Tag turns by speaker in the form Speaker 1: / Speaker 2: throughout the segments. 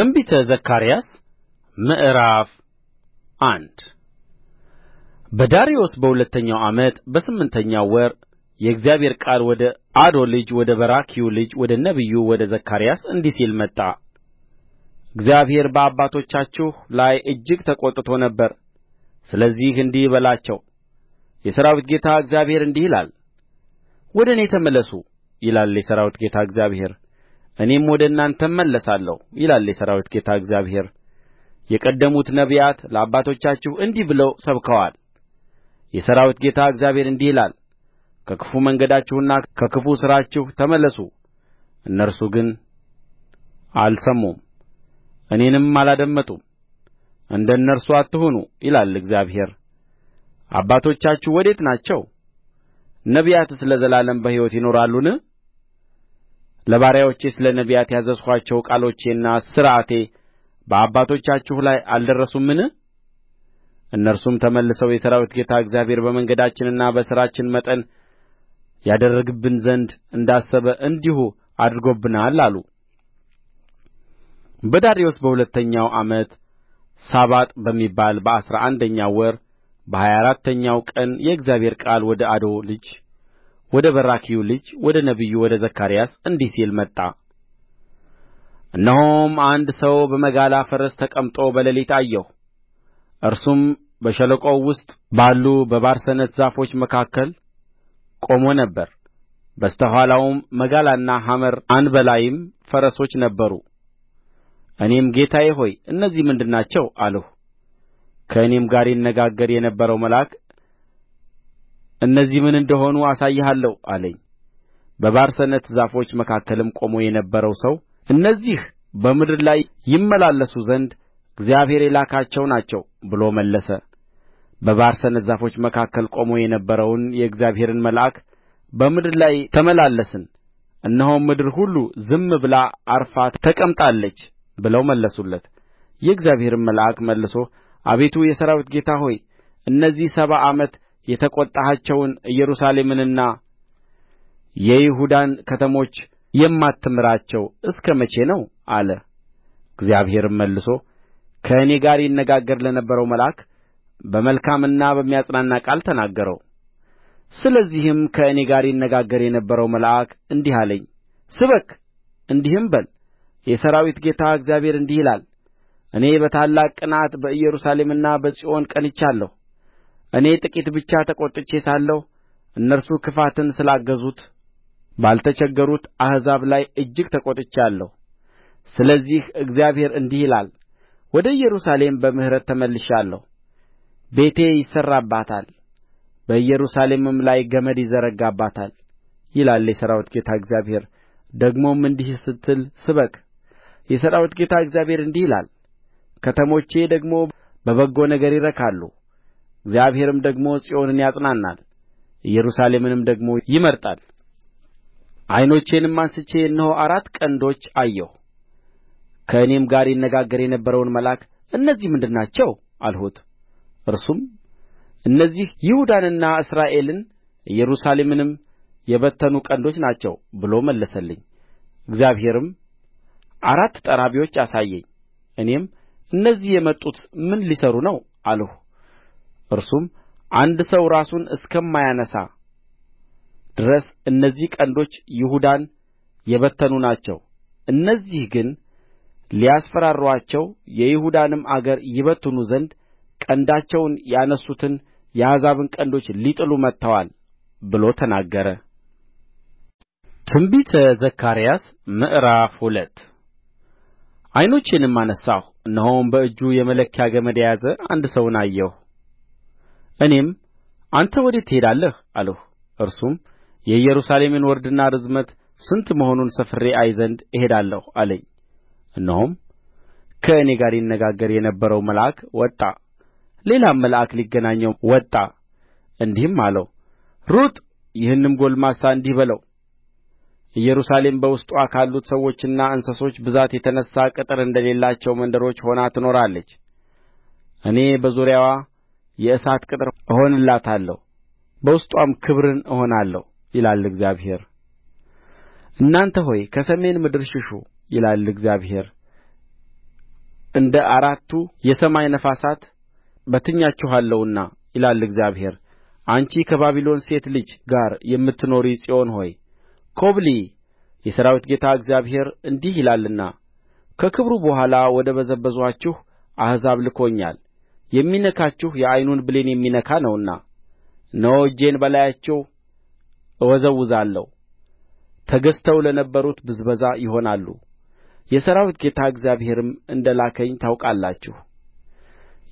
Speaker 1: ትንቢተ ዘካርያስ ምዕራፍ አንድ በዳርዮስ በሁለተኛው ዓመት በስምንተኛው ወር የእግዚአብሔር ቃል ወደ አዶ ልጅ ወደ በራክዩ ልጅ ወደ ነቢዩ ወደ ዘካርያስ እንዲህ ሲል መጣ እግዚአብሔር በአባቶቻችሁ ላይ እጅግ ተቈጥቶ ነበር። ስለዚህ እንዲህ በላቸው፣ የሠራዊት ጌታ እግዚአብሔር እንዲህ ይላል፣ ወደ እኔ ተመለሱ ይላል የሠራዊት ጌታ እግዚአብሔር እኔም ወደ እናንተ እመለሳለሁ ይላል የሠራዊት ጌታ እግዚአብሔር የቀደሙት ነቢያት ለአባቶቻችሁ እንዲህ ብለው ሰብከዋል የሠራዊት ጌታ እግዚአብሔር እንዲህ ይላል ከክፉ መንገዳችሁና ከክፉ ሥራችሁ ተመለሱ እነርሱ ግን አልሰሙም እኔንም አላደመጡም እንደ እነርሱ አትሁኑ ይላል እግዚአብሔር አባቶቻችሁ ወዴት ናቸው ነቢያትስ ለዘላለም በሕይወት ይኖራሉን ለባሪያዎቼስ ለነቢያት ያዘዝኋቸው ቃሎቼና ሥርዓቴ በአባቶቻችሁ ላይ አልደረሱምን እነርሱም ተመልሰው የሠራዊት ጌታ እግዚአብሔር በመንገዳችንና በሥራችን መጠን ያደርግብን ዘንድ እንዳሰበ እንዲሁ አድርጎብናል አሉ በዳርዮስ በሁለተኛው ዓመት ሳባጥ በሚባል በአሥራ አንደኛው ወር በሀያ አራተኛው ቀን የእግዚአብሔር ቃል ወደ አዶ ልጅ ወደ በራክዩ ልጅ ወደ ነቢዩ ወደ ዘካርያስ እንዲህ ሲል መጣ እነሆም አንድ ሰው በመጋላ ፈረስ ተቀምጦ በሌሊት አየሁ እርሱም በሸለቆው ውስጥ ባሉ በባርሰነት ዛፎች መካከል ቆሞ ነበር በስተ ኋላውም መጋላና ሐመር አንባላይም ፈረሶች ነበሩ እኔም ጌታዬ ሆይ እነዚህ ምንድር ናቸው አልሁ ከእኔም ጋር ይነጋገር የነበረው መልአክ እነዚህ ምን እንደ ሆኑ አሳይሃለሁ አለኝ በባርሰነት ዛፎች መካከልም ቆሞ የነበረው ሰው እነዚህ በምድር ላይ ይመላለሱ ዘንድ እግዚአብሔር የላካቸው ናቸው ብሎ መለሰ በባርሰነት ዛፎች መካከል ቆሞ የነበረውን የእግዚአብሔርን መልአክ በምድር ላይ ተመላለስን እነሆም ምድር ሁሉ ዝም ብላ ዐርፋ ተቀምጣለች ብለው መለሱለት የእግዚአብሔርም መልአክ መልሶ አቤቱ የሠራዊት ጌታ ሆይ እነዚህ ሰባ ዓመት የተቈጣሃቸውን ኢየሩሳሌምንና የይሁዳን ከተሞች የማትምራቸው እስከ መቼ ነው አለ እግዚአብሔርም መልሶ ከእኔ ጋር ይነጋገር ለነበረው መልአክ በመልካምና በሚያጽናና ቃል ተናገረው ስለዚህም ከእኔ ጋር ይነጋገር የነበረው መልአክ እንዲህ አለኝ ስበክ እንዲህም በል የሠራዊት ጌታ እግዚአብሔር እንዲህ ይላል እኔ በታላቅ ቅንዓት በኢየሩሳሌምና በጽዮን ቀንቻለሁ እኔ ጥቂት ብቻ ተቈጥቼ ሳለሁ እነርሱ ክፋትን ስላገዙት ባልተቸገሩት አሕዛብ ላይ እጅግ ተቈጥቻለሁ ስለዚህ እግዚአብሔር እንዲህ ይላል ወደ ኢየሩሳሌም በምሕረት ተመልሻለሁ ቤቴ ይሠራባታል በኢየሩሳሌምም ላይ ገመድ ይዘረጋባታል። ይላል የሠራዊት ጌታ እግዚአብሔር ደግሞም እንዲህ ስትል ስበክ የሠራዊት ጌታ እግዚአብሔር እንዲህ ይላል ከተሞቼ ደግሞ በበጎ ነገር ይረካሉ እግዚአብሔርም ደግሞ ጽዮንን ያጽናናል ኢየሩሳሌምንም ደግሞ ይመርጣል ዓይኖቼንም አንሥቼ እነሆ አራት ቀንዶች አየሁ ከእኔም ጋር ይነጋገር የነበረውን መልአክ እነዚህ ምንድር ናቸው አልሁት እርሱም እነዚህ ይሁዳንና እስራኤልን ኢየሩሳሌምንም የበተኑ ቀንዶች ናቸው ብሎ መለሰልኝ እግዚአብሔርም አራት ጠራቢዎች አሳየኝ እኔም እነዚህ የመጡት ምን ሊሠሩ ነው አልሁ እርሱም አንድ ሰው ራሱን እስከማያነሣ ድረስ እነዚህ ቀንዶች ይሁዳን የበተኑ ናቸው እነዚህ ግን ሊያስፈራሩአቸው የይሁዳንም አገር ይበትኑ ዘንድ ቀንዳቸውን ያነሡትን የአሕዛብን ቀንዶች ሊጥሉ መጥተዋል ብሎ ተናገረ ትንቢተ ዘካርያስ ምዕራፍ ሁለት ዐይኖቼንም አነሣሁ እነሆም በእጁ የመለኪያ ገመድ የያዘ አንድ ሰውን አየሁ እኔም አንተ ወዴት ትሄዳለህ አልሁ እርሱም የኢየሩሳሌምን ወርድና ርዝመት ስንት መሆኑን ሰፍሬ አይ ዘንድ እሄዳለሁ አለኝ እነሆም ከእኔ ጋር ይነጋገር የነበረው መልአክ ወጣ ሌላም መልአክ ሊገናኘው ወጣ እንዲህም አለው ሩጥ ይህንም ጕልማሳ እንዲህ በለው ኢየሩሳሌም በውስጥዋ ካሉት ሰዎችና እንስሶች ብዛት የተነሣ ቅጥር እንደሌላቸው መንደሮች ሆና ትኖራለች እኔ በዙሪያዋ የእሳት ቅጥር እሆንላታለሁ በውስጥዋም ክብርን እሆናለሁ ይላል እግዚአብሔር እናንተ ሆይ ከሰሜን ምድር ሽሹ ይላል እግዚአብሔር እንደ አራቱ የሰማይ ነፋሳት በትኛችኋለሁና ይላል እግዚአብሔር አንቺ ከባቢሎን ሴት ልጅ ጋር የምትኖሪ ጽዮን ሆይ ኰብልዪ የሠራዊት ጌታ እግዚአብሔር እንዲህ ይላልና ከክብሩ በኋላ ወደ በዘበዙአችሁ አሕዛብ ልኮኛል የሚነካችሁ የዓይኑን ብሌን የሚነካ ነውና እነሆ እጄን በላያቸው እወዘውዛለሁ ተገዝተው ለነበሩት ብዝበዛ ይሆናሉ የሠራዊት ጌታ እግዚአብሔርም እንደ ላከኝ ታውቃላችሁ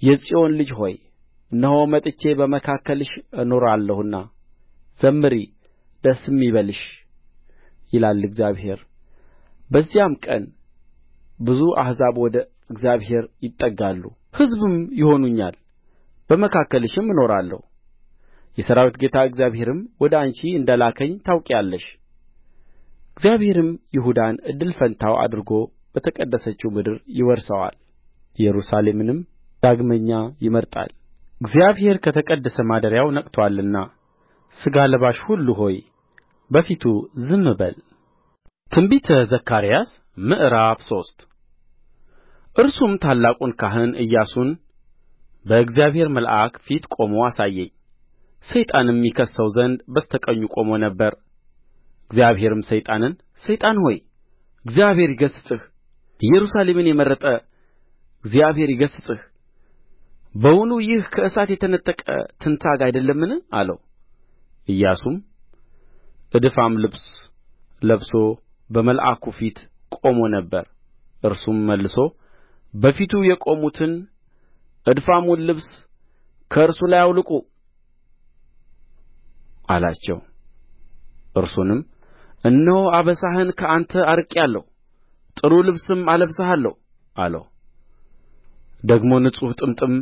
Speaker 1: የጽዮን ልጅ ሆይ እነሆ መጥቼ በመካከልሽ እኖራለሁና ዘምሪ ደስም ይበልሽ ይላል እግዚአብሔር በዚያም ቀን ብዙ አሕዛብ ወደ እግዚአብሔር ይጠጋሉ ሕዝብም ይሆኑኛል በመካከልሽም እኖራለሁ የሠራዊት ጌታ እግዚአብሔርም ወደ አንቺ እንደ ላከኝ ታውቂያለሽ። እግዚአብሔርም ይሁዳን እድል ፈንታው አድርጎ በተቀደሰችው ምድር ይወርሰዋል ኢየሩሳሌምንም ዳግመኛ ይመርጣል እግዚአብሔር ከተቀደሰ ማደሪያው ነቅቶአልና ሥጋ ለባሽ ሁሉ ሆይ በፊቱ ዝም በል ትንቢተ ዘካርያስ ምዕራፍ ሶስት እርሱም ታላቁን ካህን ኢያሱን በእግዚአብሔር መልአክ ፊት ቆሞ አሳየኝ። ሰይጣንም ይከስሰው ዘንድ በስተ ቀኙ ቆሞ ነበር። እግዚአብሔርም ሰይጣንን ሰይጣን ሆይ እግዚአብሔር ይገሥጽህ፣ ኢየሩሳሌምን የመረጠ እግዚአብሔር ይገሥጽህ፣ በውኑ ይህ ከእሳት የተነጠቀ ትንታግ አይደለምን? አለው። ኢያሱም እድፋም ልብስ ለብሶ በመልአኩ ፊት ቆሞ ነበር። እርሱም መልሶ በፊቱ የቆሙትን እድፋሙን ልብስ ከእርሱ ላይ አውልቁ አላቸው እርሱንም እነሆ አበሳህን ከአንተ አርቄአለሁ ጥሩ ልብስም አለብስሃለሁ አለው ደግሞ ንጹሕ ጥምጥም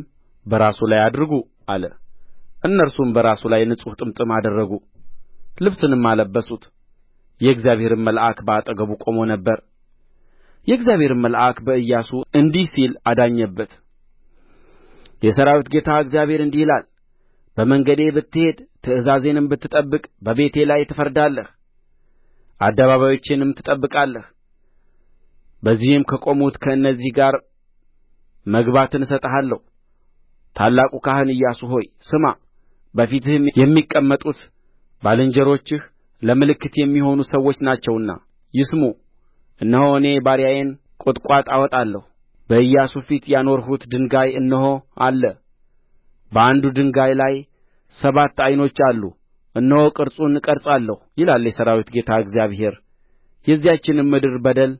Speaker 1: በራሱ ላይ አድርጉ አለ እነርሱም በራሱ ላይ ንጹሕ ጥምጥም አደረጉ ልብስንም አለበሱት የእግዚአብሔርም መልአክ በአጠገቡ ቆሞ ነበር የእግዚአብሔርም መልአክ በኢያሱ እንዲህ ሲል አዳኘበት የሠራዊት ጌታ እግዚአብሔር እንዲህ ይላል በመንገዴ ብትሄድ ትእዛዜንም ብትጠብቅ በቤቴ ላይ ትፈርዳለህ አደባባዮቼንም ትጠብቃለህ በዚህም ከቆሙት ከእነዚህ ጋር መግባትን እሰጥሃለሁ ታላቁ ካህን ኢያሱ ሆይ ስማ በፊትህም የሚቀመጡት ባልንጀሮችህ ለምልክት የሚሆኑ ሰዎች ናቸውና ይስሙ እነሆ እኔ ባሪያዬን ቍጥቋጥ አወጣለሁ በኢያሱ ፊት ያኖርሁት ድንጋይ እነሆ አለ በአንዱ ድንጋይ ላይ ሰባት ዓይኖች አሉ እነሆ ቅርጹን እቀርጻለሁ ይላል የሠራዊት ጌታ እግዚአብሔር የዚያችንም ምድር በደል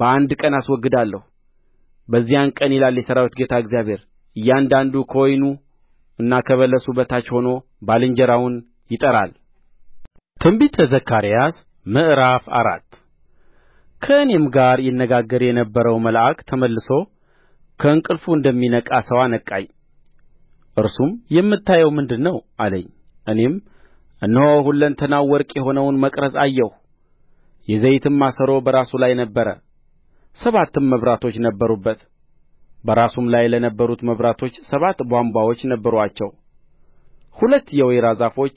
Speaker 1: በአንድ ቀን አስወግዳለሁ በዚያን ቀን ይላል የሠራዊት ጌታ እግዚአብሔር እያንዳንዱ ከወይኑ እና ከበለሱ በታች ሆኖ ባልንጀራውን ይጠራል ትንቢተ ዘካርያስ ምዕራፍ አራት ከእኔም ጋር ይነጋገር የነበረው መልአክ ተመልሶ ከእንቅልፉ እንደሚነቃ ሰው አነቃኝ እርሱም የምታየው ምንድር ነው አለኝ እኔም እነሆ ሁለንተናው ወርቅ የሆነውን መቅረዝ አየሁ የዘይትም ማሰሮ በራሱ ላይ ነበረ ሰባትም መብራቶች ነበሩበት በራሱም ላይ ለነበሩት መብራቶች ሰባት ቧንቧዎች ነበሩአቸው ሁለት የወይራ ዛፎች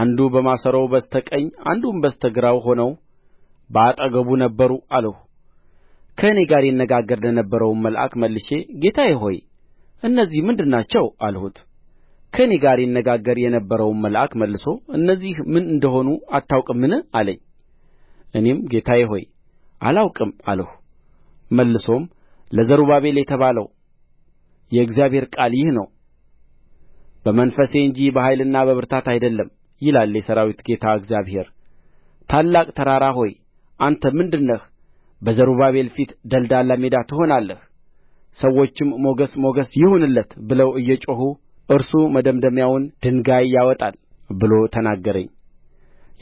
Speaker 1: አንዱ በማሰሮው በስተ ቀኝ አንዱም በስተ ግራው ሆነው በአጠገቡ ነበሩ አልሁ ከእኔ ጋር ይነጋገር ለነበረውም መልአክ መልሼ ጌታዬ ሆይ እነዚህ ምንድር ናቸው አልሁት ከእኔ ጋር ይነጋገር የነበረውም መልአክ መልሶ እነዚህ ምን እንደ ሆኑ አታውቅምን አለኝ እኔም ጌታዬ ሆይ አላውቅም አልሁ መልሶም ለዘሩባቤል የተባለው የእግዚአብሔር ቃል ይህ ነው በመንፈሴ እንጂ በኃይልና በብርታት አይደለም ይላል የሠራዊት ጌታ እግዚአብሔር ታላቅ ተራራ ሆይ አንተ ምንድር ነህ በዘሩባቤል ፊት ደልዳላ ሜዳ ትሆናለህ ሰዎችም ሞገስ ሞገስ ይሁንለት ብለው እየጮኹ እርሱ መደምደሚያውን ድንጋይ ያወጣል ብሎ ተናገረኝ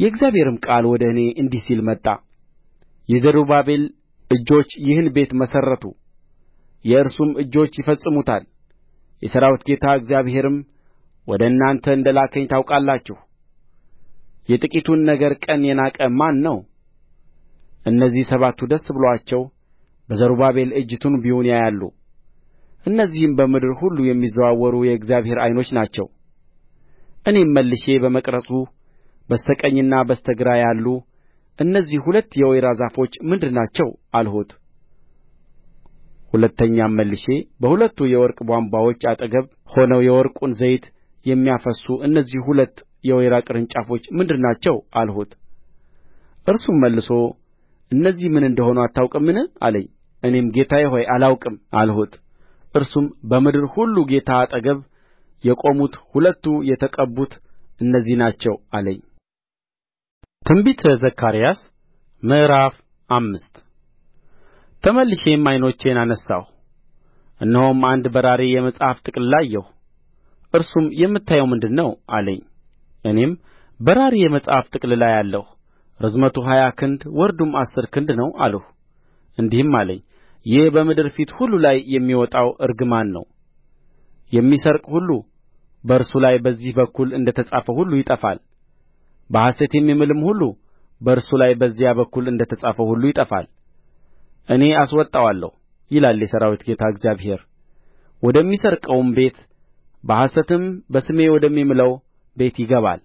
Speaker 1: የእግዚአብሔርም ቃል ወደ እኔ እንዲህ ሲል መጣ የዘሩባቤል እጆች ይህን ቤት መሠረቱ የእርሱም እጆች ይፈጽሙታል የሠራዊት ጌታ እግዚአብሔርም ወደ እናንተ እንደ ላከኝ ታውቃላችሁ የጥቂቱን ነገር ቀን የናቀ ማን ነው እነዚህ ሰባቱ ደስ ብሎአቸው በዘሩባቤል እጅ ቱንቢውን ያያሉ እነዚህም በምድር ሁሉ የሚዘዋወሩ የእግዚአብሔር ዓይኖች ናቸው እኔም መልሼ በመቅረዙ በስተ ቀኝና በስተ ግራ ያሉ እነዚህ ሁለት የወይራ ዛፎች ምንድር ናቸው አልሁት ሁለተኛም መልሼ በሁለቱ የወርቅ ቧንቧዎች አጠገብ ሆነው የወርቁን ዘይት የሚያፈስሱ እነዚህ ሁለት የወይራ ቅርንጫፎች ምንድር ናቸው አልሁት እርሱም መልሶ እነዚህ ምን እንደ ሆኑ አታውቅምን አለኝ እኔም ጌታዬ ሆይ አላውቅም አልሁት እርሱም በምድር ሁሉ ጌታ አጠገብ የቆሙት ሁለቱ የተቀቡት እነዚህ ናቸው አለኝ ትንቢተ ዘካርያስ ምዕራፍ አምስት ተመልሼም ዓይኖቼን አነሣሁ እነሆም አንድ በራሪ የመጽሐፍ ጥቅልል አየሁ እርሱም የምታየው ምንድር ነው አለኝ እኔም በራሪ የመጽሐፍ ጥቅልል አያለሁ ርዝመቱ ሀያ ክንድ ወርዱም አሥር ክንድ ነው አልሁ እንዲህም አለኝ ይህ በምድር ፊት ሁሉ ላይ የሚወጣው እርግማን ነው የሚሰርቅ ሁሉ በእርሱ ላይ በዚህ በኩል እንደ ተጻፈ ሁሉ ይጠፋል በሐሰት የሚምልም ሁሉ በእርሱ ላይ በዚያ በኩል እንደ ተጻፈ ሁሉ ይጠፋል እኔ አስወጣዋለሁ ይላል የሠራዊት ጌታ እግዚአብሔር ወደሚሰርቀውም ቤት በሐሰትም በስሜ ወደሚምለው ቤት ይገባል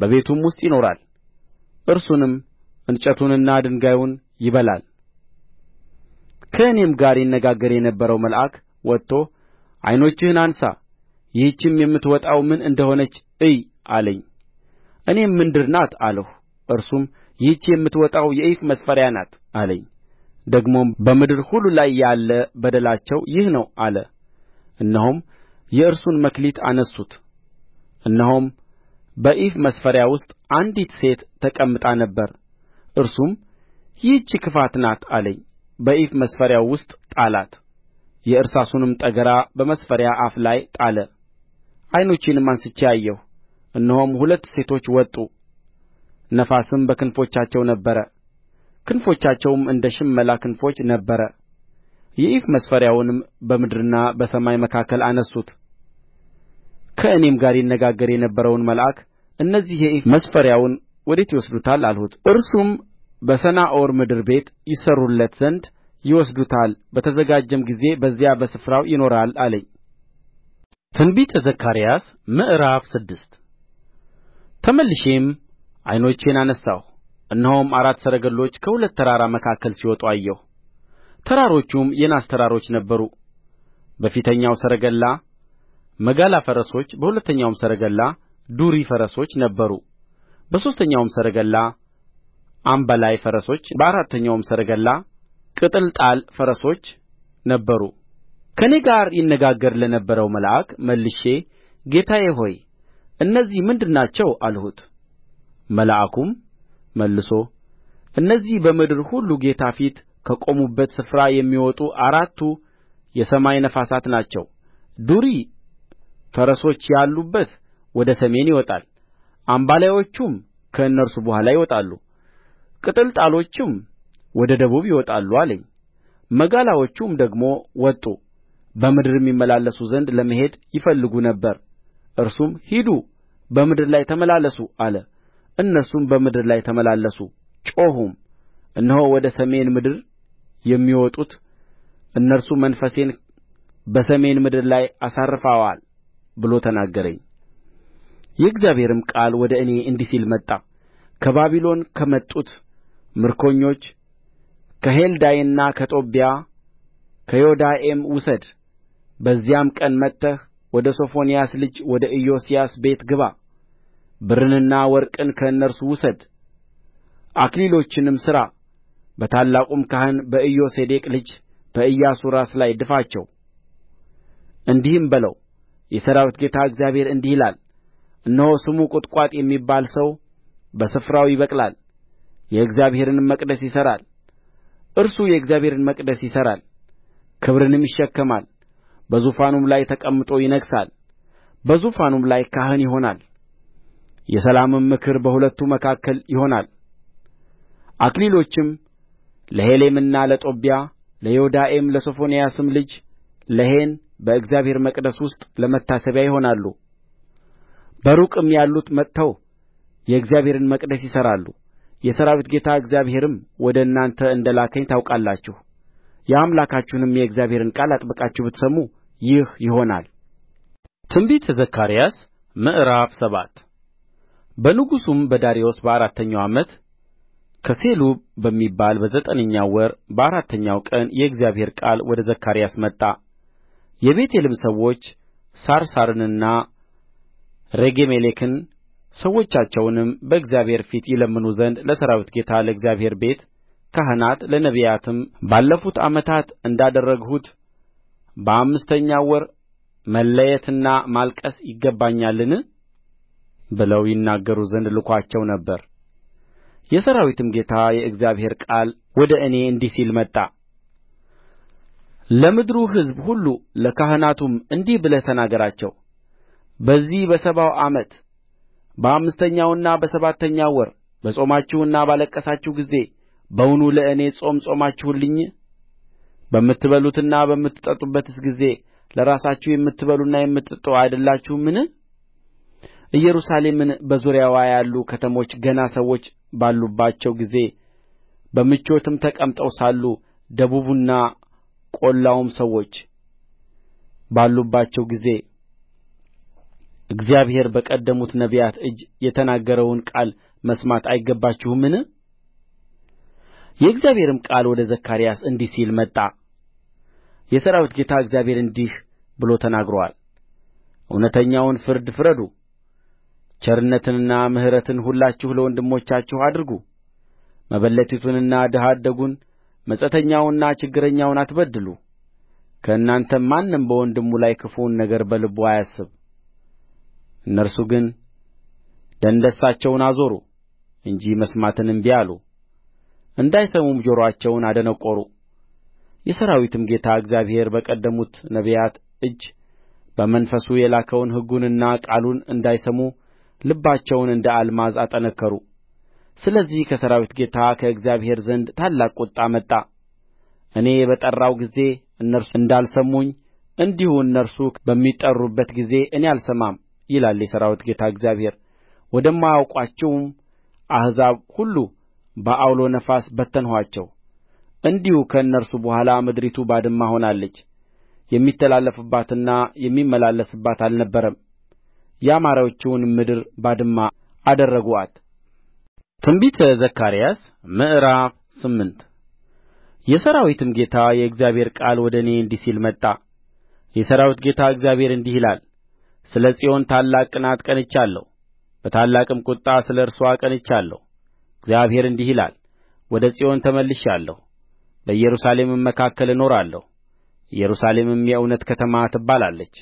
Speaker 1: በቤቱም ውስጥ ይኖራል እርሱንም እንጨቱንና ድንጋዩን ይበላል ከእኔም ጋር ይነጋገር የነበረው መልአክ ወጥቶ ዓይኖችህን አንሣ ይህችም የምትወጣው ምን እንደ ሆነች እይ አለኝ እኔም ምንድር ናት አልሁ እርሱም ይህች የምትወጣው የኢፍ መስፈሪያ ናት አለኝ ደግሞም በምድር ሁሉ ላይ ያለ በደላቸው ይህ ነው አለ እነሆም የእርሱን መክሊት አነሡት እነሆም በኢፍ መስፈሪያ ውስጥ አንዲት ሴት ተቀምጣ ነበር እርሱም ይህች ክፋት ናት አለኝ በኢፍ መስፈሪያው ውስጥ ጣላት የእርሳሱንም ጠገራ በመስፈሪያ አፍ ላይ ጣለ ዓይኖቼንም አንሥቼ አየሁ እነሆም ሁለት ሴቶች ወጡ ነፋስም በክንፎቻቸው ነበረ ክንፎቻቸውም እንደ ሽመላ ክንፎች ነበረ የኢፍ መስፈሪያውንም በምድርና በሰማይ መካከል አነሡት ከእኔም ጋር ይነጋገር የነበረውን መልአክ እነዚህ የኢፍ መስፈሪያውን ወዴት ይወስዱታል አልሁት እርሱም በሰናዖር ምድር ቤት ይሠሩለት ዘንድ ይወስዱታል በተዘጋጀም ጊዜ በዚያ በስፍራው ይኖራል አለኝ ትንቢተ ዘካርያስ ምዕራፍ ስድስት ተመልሼም ዐይኖቼን አነሣሁ እነሆም አራት ሰረገሎች ከሁለት ተራራ መካከል ሲወጡ አየሁ ተራሮቹም የናስ ተራሮች ነበሩ በፊተኛው ሰረገላ መጋላ ፈረሶች በሁለተኛውም ሰረገላ ዱሪ ፈረሶች ነበሩ በሦስተኛውም ሰረገላ አምባላይ ፈረሶች በአራተኛውም ሰረገላ ቅጥልጣል ፈረሶች ነበሩ ከእኔ ጋር ይነጋገር ለነበረው መልአክ መልሼ ጌታዬ ሆይ እነዚህ ምንድን ናቸው አልሁት መልአኩም መልሶ እነዚህ በምድር ሁሉ ጌታ ፊት ከቆሙበት ስፍራ የሚወጡ አራቱ የሰማይ ነፋሳት ናቸው ዱሪ ፈረሶች ያሉበት ወደ ሰሜን ይወጣል አምባላዮቹም ከእነርሱ በኋላ ይወጣሉ ቅጥልጣሎቹም ወደ ደቡብ ይወጣሉ አለኝ መጋላዎቹም ደግሞ ወጡ በምድርም ይመላለሱ ዘንድ ለመሄድ ይፈልጉ ነበር እርሱም ሂዱ በምድር ላይ ተመላለሱ አለ እነርሱም በምድር ላይ ተመላለሱ ጮኹም እነሆ ወደ ሰሜን ምድር የሚወጡት እነርሱ መንፈሴን በሰሜን ምድር ላይ አሳርፈዋል ብሎ ተናገረኝ የእግዚአብሔርም ቃል ወደ እኔ እንዲህ ሲል መጣ ከባቢሎን ከመጡት ምርኮኞች ከሔልዳይና ከጦብያ ከዮዳኤም ውሰድ በዚያም ቀን መጥተህ ወደ ሶፎንያስ ልጅ ወደ ኢዮስያስ ቤት ግባ ብርንና ወርቅን ከእነርሱ ውሰድ አክሊሎችንም ሥራ በታላቁም ካህን በኢዮሴዴቅ ልጅ በኢያሱ ራስ ላይ ድፋቸው እንዲህም በለው የሠራዊት ጌታ እግዚአብሔር እንዲህ ይላል እነሆ ስሙ ቍጥቋጥ የሚባል ሰው በስፍራው ይበቅላል የእግዚአብሔርንም መቅደስ ይሠራል እርሱ የእግዚአብሔርን መቅደስ ይሠራል ክብርንም ይሸከማል በዙፋኑም ላይ ተቀምጦ ይነግሣል በዙፋኑም ላይ ካህን ይሆናል የሰላምም ምክር በሁለቱ መካከል ይሆናል አክሊሎችም ለሔሌምና ለጦብያ ለዮዳኤም ለሶፎንያስም ልጅ ለሔን በእግዚአብሔር መቅደስ ውስጥ ለመታሰቢያ ይሆናሉ በሩቅም ያሉት መጥተው የእግዚአብሔርን መቅደስ ይሠራሉ የሠራዊት ጌታ እግዚአብሔርም ወደ እናንተ እንደ ላከኝ ታውቃላችሁ የአምላካችሁንም የእግዚአብሔርን ቃል አጥብቃችሁ ብትሰሙ ይህ ይሆናል ትንቢተ ዘካርያስ ምዕራፍ ሰባት በንጉሡም በዳርዮስ በአራተኛው ዓመት ከሴሉ በሚባል በዘጠነኛው ወር በአራተኛው ቀን የእግዚአብሔር ቃል ወደ ዘካርያስ መጣ የቤቴልም ሰዎች ሳራሳርንና ሬጌሜሌክን ሰዎቻቸውንም በእግዚአብሔር ፊት ይለምኑ ዘንድ ለሠራዊት ጌታ ለእግዚአብሔር ቤት ካህናት ለነቢያትም ባለፉት ዓመታት እንዳደረግሁት በአምስተኛው ወር መለየትና ማልቀስ ይገባኛልን ብለው ይናገሩ ዘንድ ልኮአቸው ነበር የሠራዊትም ጌታ የእግዚአብሔር ቃል ወደ እኔ እንዲህ ሲል መጣ ለምድሩ ሕዝብ ሁሉ ለካህናቱም እንዲህ ብለህ ተናገራቸው በዚህ በሰባው ዓመት በአምስተኛውና በሰባተኛው ወር በጾማችሁና ባለቀሳችሁ ጊዜ በውኑ ለእኔ ጾም ጾማችሁልኝ በምትበሉትና በምትጠጡበትስ ጊዜ ለራሳችሁ የምትበሉና የምትጠጡ አይደላችሁምን ኢየሩሳሌምን በዙሪያዋ ያሉ ከተሞች ገና ሰዎች ባሉባቸው ጊዜ በምቾትም ተቀምጠው ሳሉ ደቡቡና ቈላውም ሰዎች ባሉባቸው ጊዜ እግዚአብሔር በቀደሙት ነቢያት እጅ የተናገረውን ቃል መስማት አይገባችሁምን የእግዚአብሔርም ቃል ወደ ዘካርያስ እንዲህ ሲል መጣ የሠራዊት ጌታ እግዚአብሔር እንዲህ ብሎ ተናግሮአል እውነተኛውን ፍርድ ፍረዱ ቸርነትንና ምሕረትን ሁላችሁ ለወንድሞቻችሁ አድርጉ መበለቲቱንና ድሀ አደጉን መጻተኛውንና ችግረኛውን አትበድሉ ከእናንተም ማንም በወንድሙ ላይ ክፉውን ነገር በልቡ አያስብ እነርሱ ግን ደንደሳቸውን አዞሩ እንጂ መስማትን እምቢ አሉ እንዳይሰሙም ጆሮአቸውን አደነቈሩ የሠራዊትም ጌታ እግዚአብሔር በቀደሙት ነቢያት እጅ በመንፈሱ የላከውን ሕጉንና ቃሉን እንዳይሰሙ ልባቸውን እንደ አልማዝ አጠነከሩ ስለዚህ ከሠራዊት ጌታ ከእግዚአብሔር ዘንድ ታላቅ ቍጣ መጣ እኔ በጠራሁ ጊዜ እነርሱ እንዳልሰሙኝ እንዲሁ እነርሱ በሚጠሩበት ጊዜ እኔ አልሰማም ይላል የሠራዊት ጌታ እግዚአብሔር ወደማያውቋቸውም አሕዛብ ሁሉ በዐውሎ ነፋስ በተንኋቸው እንዲሁ ከእነርሱ በኋላ ምድሪቱ ባድማ ሆናለች የሚተላለፍባትና የሚመላለስባት አልነበረም ያማረችውንም ምድር ባድማ አደረጉአት ትንቢተ ዘካርያስ ምዕራፍ ስምንት የሠራዊትም ጌታ የእግዚአብሔር ቃል ወደ እኔ እንዲህ ሲል መጣ የሠራዊት ጌታ እግዚአብሔር እንዲህ ይላል ስለ ጽዮን ታላቅ ቅንዓት ቀንቻለሁ በታላቅም ቍጣ ስለ እርስዋ ቀንቻለሁ እግዚአብሔር እንዲህ ይላል ወደ ጽዮን ተመልሻለሁ በኢየሩሳሌምም መካከል እኖራለሁ ኢየሩሳሌምም የእውነት ከተማ ትባላለች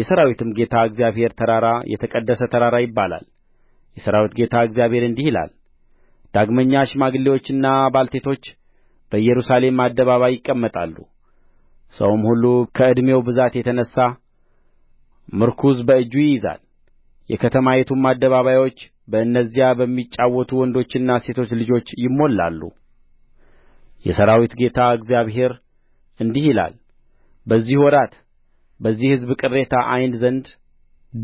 Speaker 1: የሠራዊትም ጌታ እግዚአብሔር ተራራ የተቀደሰ ተራራ ይባላል የሠራዊት ጌታ እግዚአብሔር እንዲህ ይላል ዳግመኛ ሽማግሌዎችና ባልቴቶች በኢየሩሳሌም አደባባይ ይቀመጣሉ ሰውም ሁሉ ከዕድሜው ብዛት የተነሣ ምርኩዝ በእጁ ይይዛል የከተማይቱም አደባባዮች በእነዚያ በሚጫወቱ ወንዶችና ሴቶች ልጆች ይሞላሉ የሠራዊት ጌታ እግዚአብሔር እንዲህ ይላል በዚህ ወራት በዚህ ሕዝብ ቅሬታ ዓይን ዘንድ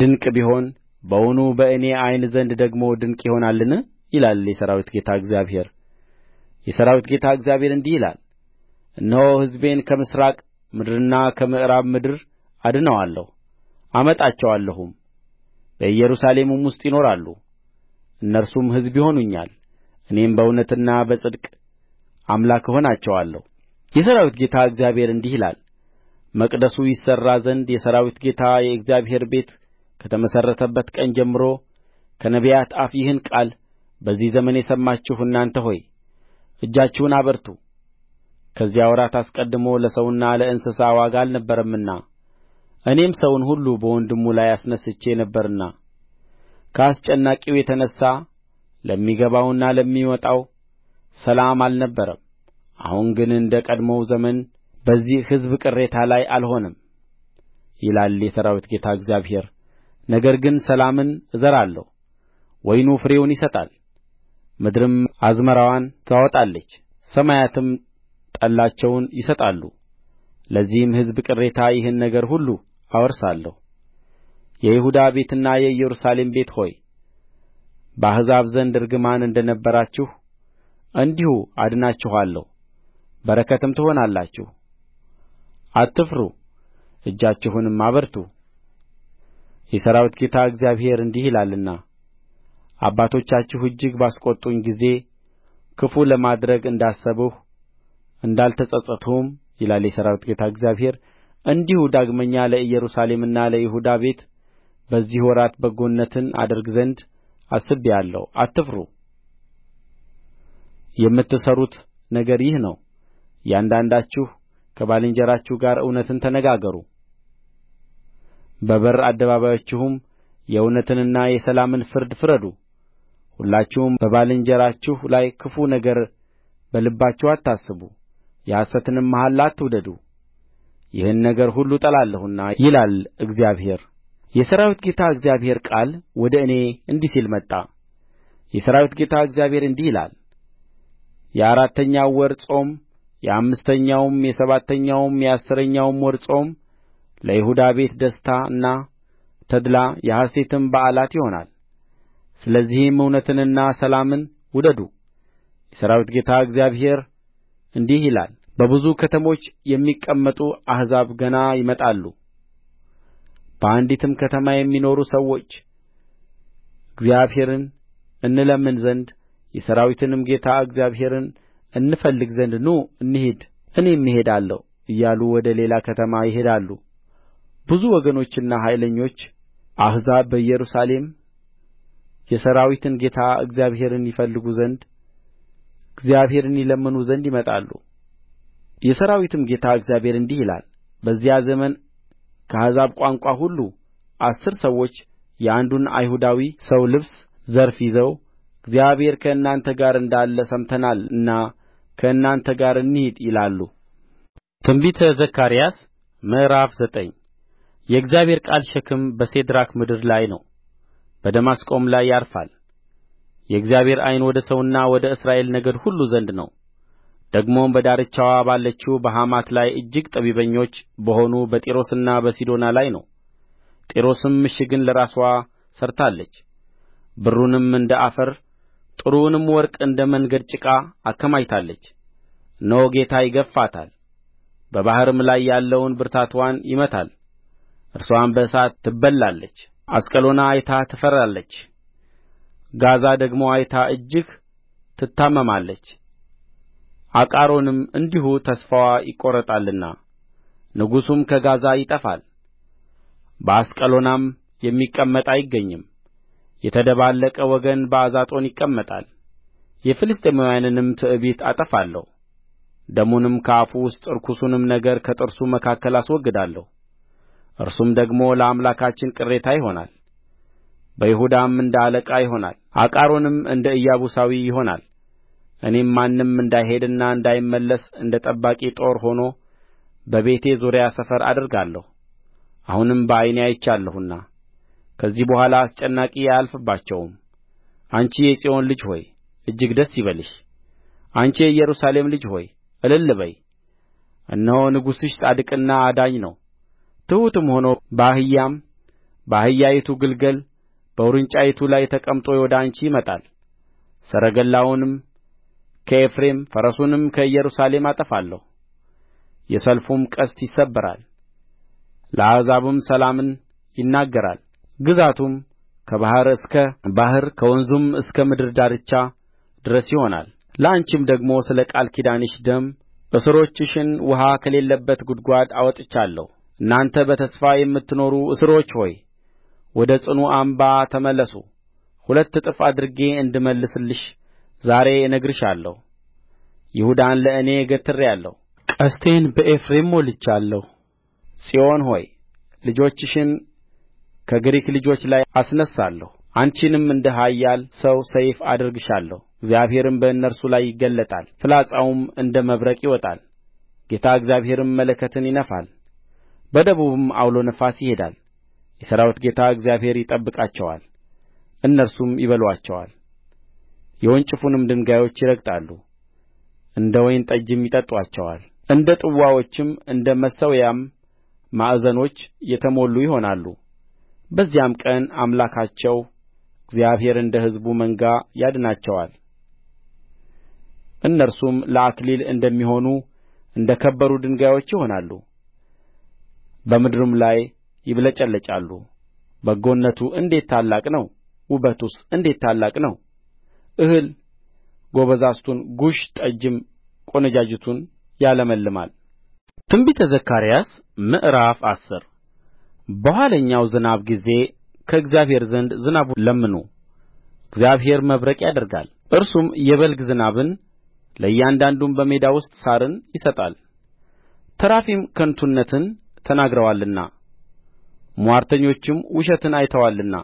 Speaker 1: ድንቅ ቢሆን በውኑ በእኔ ዓይን ዘንድ ደግሞ ድንቅ ይሆናልን ይላል የሠራዊት ጌታ እግዚአብሔር የሠራዊት ጌታ እግዚአብሔር እንዲህ ይላል እነሆ ሕዝቤን ከምሥራቅ ምድርና ከምዕራብ ምድር አድነዋለሁ አመጣቸዋለሁም በኢየሩሳሌምም ውስጥ ይኖራሉ እነርሱም ሕዝብ ይሆኑኛል እኔም በእውነትና በጽድቅ አምላክ እሆናቸዋለሁ የሠራዊት ጌታ እግዚአብሔር እንዲህ ይላል መቅደሱ ይሠራ ዘንድ የሠራዊት ጌታ የእግዚአብሔር ቤት ከተመሠረተበት ቀን ጀምሮ ከነቢያት አፍ ይህን ቃል በዚህ ዘመን የሰማችሁ እናንተ ሆይ እጃችሁን አበርቱ ከዚያ ወራት አስቀድሞ ለሰውና ለእንስሳ ዋጋ አልነበረምና እኔም ሰውን ሁሉ በወንድሙ ላይ አስነሥቼ ነበርና ከአስጨናቂው የተነሣ ለሚገባውና ለሚወጣው ሰላም አልነበረም አሁን ግን እንደ ቀድሞው ዘመን በዚህ ሕዝብ ቅሬታ ላይ አልሆንም ይላል የሠራዊት ጌታ እግዚአብሔር ነገር ግን ሰላምን እዘራለሁ ወይኑ ፍሬውን ይሰጣል ምድርም አዝመራዋን ታወጣለች ሰማያትም ጠላቸውን ይሰጣሉ ለዚህም ሕዝብ ቅሬታ ይህን ነገር ሁሉ አወርሳለሁ የይሁዳ ቤትና የኢየሩሳሌም ቤት ሆይ በአሕዛብ ዘንድ እርግማን እንደ ነበራችሁ እንዲሁ አድናችኋለሁ በረከትም ትሆናላችሁ አትፍሩ እጃችሁንም አበርቱ የሠራዊት ጌታ እግዚአብሔር እንዲህ ይላልና አባቶቻችሁ እጅግ ባስቈጡኝ ጊዜ ክፉ ለማድረግ እንዳሰብሁ እንዳልተጸጸትሁም ይላል የሠራዊት ጌታ እግዚአብሔር እንዲሁ ዳግመኛ ለኢየሩሳሌምና ለይሁዳ ቤት በዚህ ወራት በጎነትን አደርግ ዘንድ አስቤአለሁ አትፍሩ የምትሠሩት ነገር ይህ ነው እያንዳንዳችሁ ከባልንጀራችሁ ጋር እውነትን ተነጋገሩ በበር አደባባያችሁም የእውነትንና የሰላምን ፍርድ ፍረዱ ሁላችሁም በባልንጀራችሁ ላይ ክፉ ነገር በልባችሁ አታስቡ የሐሰትንም መሐላ አትውደዱ ይህን ነገር ሁሉ እጠላለሁና ይላል እግዚአብሔር የሠራዊት ጌታ እግዚአብሔር ቃል ወደ እኔ እንዲህ ሲል መጣ የሠራዊት ጌታ እግዚአብሔር እንዲህ ይላል የአራተኛው ወር ጾም የአምስተኛውም የሰባተኛውም የአሥረኛውም ወር ጾም ለይሁዳ ቤት ደስታና ተድላ የሐሤትም በዓላት ይሆናል ስለዚህም እውነትንና ሰላምን ውደዱ የሠራዊት ጌታ እግዚአብሔር እንዲህ ይላል በብዙ ከተሞች የሚቀመጡ አሕዛብ ገና ይመጣሉ በአንዲትም ከተማ የሚኖሩ ሰዎች እግዚአብሔርን እንለምን ዘንድ የሠራዊትንም ጌታ እግዚአብሔርን እንፈልግ ዘንድ ኑ እንሂድ እኔም እሄዳለሁ እያሉ ወደ ሌላ ከተማ ይሄዳሉ ብዙ ወገኖችና ኃይለኞች አሕዛብ በኢየሩሳሌም የሠራዊትን ጌታ እግዚአብሔርን ይፈልጉ ዘንድ እግዚአብሔርን ይለምኑ ዘንድ ይመጣሉ የሠራዊትም ጌታ እግዚአብሔር እንዲህ ይላል በዚያ ዘመን ከአሕዛብ ቋንቋ ሁሉ አሥር ሰዎች የአንዱን አይሁዳዊ ሰው ልብስ ዘርፍ ይዘው እግዚአብሔር ከእናንተ ጋር እንዳለ ሰምተናልና ከእናንተ ጋር እንሂድ ይላሉ። ትንቢተ ዘካርያስ ምዕራፍ ዘጠኝ የእግዚአብሔር ቃል ሸክም በሴድራክ ምድር ላይ ነው። በደማስቆም ላይ ያርፋል የእግዚአብሔር ዓይን ወደ ሰውና ወደ እስራኤል ነገድ ሁሉ ዘንድ ነው ደግሞም በዳርቻዋ ባለችው በሐማት ላይ እጅግ ጠቢበኞች በሆኑ በጢሮስና በሲዶና ላይ ነው ጢሮስም ምሽግን ለራስዋ ሠርታለች ብሩንም እንደ አፈር ጥሩውንም ወርቅ እንደ መንገድ ጭቃ አከማችታለች እነሆ ጌታ ይገፋታል። በባሕርም ላይ ያለውን ብርታትዋን ይመታል እርስዋም በእሳት ትበላለች አስቀሎና አይታ ትፈራለች ጋዛ ደግሞ አይታ እጅግ ትታመማለች አቃሮንም እንዲሁ ተስፋዋ ይቈረጣልና ንጉሡም ከጋዛ ይጠፋል በአስቀሎናም የሚቀመጥ አይገኝም የተደባለቀ ወገን በአዛጦን ይቀመጣል የፍልስጥኤማውያንንም ትዕቢት አጠፋለሁ ደሙንም ከአፉ ውስጥ ርኩሱንም ነገር ከጥርሱ መካከል አስወግዳለሁ እርሱም ደግሞ ለአምላካችን ቅሬታ ይሆናል በይሁዳም እንደ አለቃ ይሆናል አቃሮንም እንደ ኢያቡሳዊ ይሆናል እኔም ማንም እንዳይሄድና እንዳይመለስ እንደ ጠባቂ ጦር ሆኖ በቤቴ ዙሪያ ሰፈር አደርጋለሁ አሁንም በዓይኔ አይቻለሁና ከዚህ በኋላ አስጨናቂ አያልፍባቸውም አንቺ የጽዮን ልጅ ሆይ እጅግ ደስ ይበልሽ አንቺ የኢየሩሳሌም ልጅ ሆይ እልል በዪ እነሆ ንጉሥሽ ጻድቅና አዳኝ ነው ትሑትም ሆኖ በአህያም በአህያይቱ ግልገል በውርንጫይቱ ላይ ተቀምጦ ወደ አንቺ ይመጣል ሰረገላውንም ከኤፍሬም ፈረሱንም ከኢየሩሳሌም አጠፋለሁ የሰልፉም ቀስት ይሰበራል ለአሕዛብም ሰላምን ይናገራል ግዛቱም ከባሕር እስከ ባሕር ከወንዙም እስከ ምድር ዳርቻ ድረስ ይሆናል ለአንቺም ደግሞ ስለ ቃል ኪዳንሽ ደም እስሮችሽን ውኃ ከሌለበት ጕድጓድ አውጥቻለሁ እናንተ በተስፋ የምትኖሩ እስሮች ሆይ ወደ ጽኑ አምባ ተመለሱ ሁለት እጥፍ አድርጌ እንድመልስልሽ ዛሬ እነግርሻለሁ ይሁዳን ለእኔ ገትሬአለሁ ቀስቴን በኤፍሬም ሞልቻለሁ ጽዮን ሆይ ልጆችሽን ከግሪክ ልጆች ላይ አስነሣለሁ አንቺንም እንደ ኃያል ሰው ሰይፍ አደርግሻለሁ እግዚአብሔርም በእነርሱ ላይ ይገለጣል ፍላጻውም እንደ መብረቅ ይወጣል ጌታ እግዚአብሔርም መለከትን ይነፋል በደቡብም ዐውሎ ነፋስ ይሄዳል የሠራዊት ጌታ እግዚአብሔር ይጠብቃቸዋል እነርሱም ይበሉአቸዋል የወንጭፉንም ድንጋዮች ይረግጣሉ እንደ ወይን ጠጅም ይጠጡአቸዋል እንደ ጥዋዎችም እንደ መሠዊያም ማዕዘኖች የተሞሉ ይሆናሉ በዚያም ቀን አምላካቸው እግዚአብሔር እንደ ሕዝቡ መንጋ ያድናቸዋል እነርሱም ለአክሊል እንደሚሆኑ እንደ ከበሩ ድንጋዮች ይሆናሉ በምድርም ላይ ይብለጨለጫሉ በጎነቱ እንዴት ታላቅ ነው ውበቱስ እንዴት ታላቅ ነው እህል ጐበዛዝቱን ጉሽ ጠጅም ቈነጃጅቱን ያለመልማል ትንቢተ ዘካርያስ ምዕራፍ አስር በኋለኛው ዝናብ ጊዜ ከእግዚአብሔር ዘንድ ዝናቡን ለምኑ እግዚአብሔር መብረቅ ያደርጋል እርሱም የበልግ ዝናብን ለእያንዳንዱም በሜዳ ውስጥ ሣርን ይሰጣል ተራፊም ከንቱነትን ተናግረዋልና ምዋርተኞችም ውሸትን አይተዋልና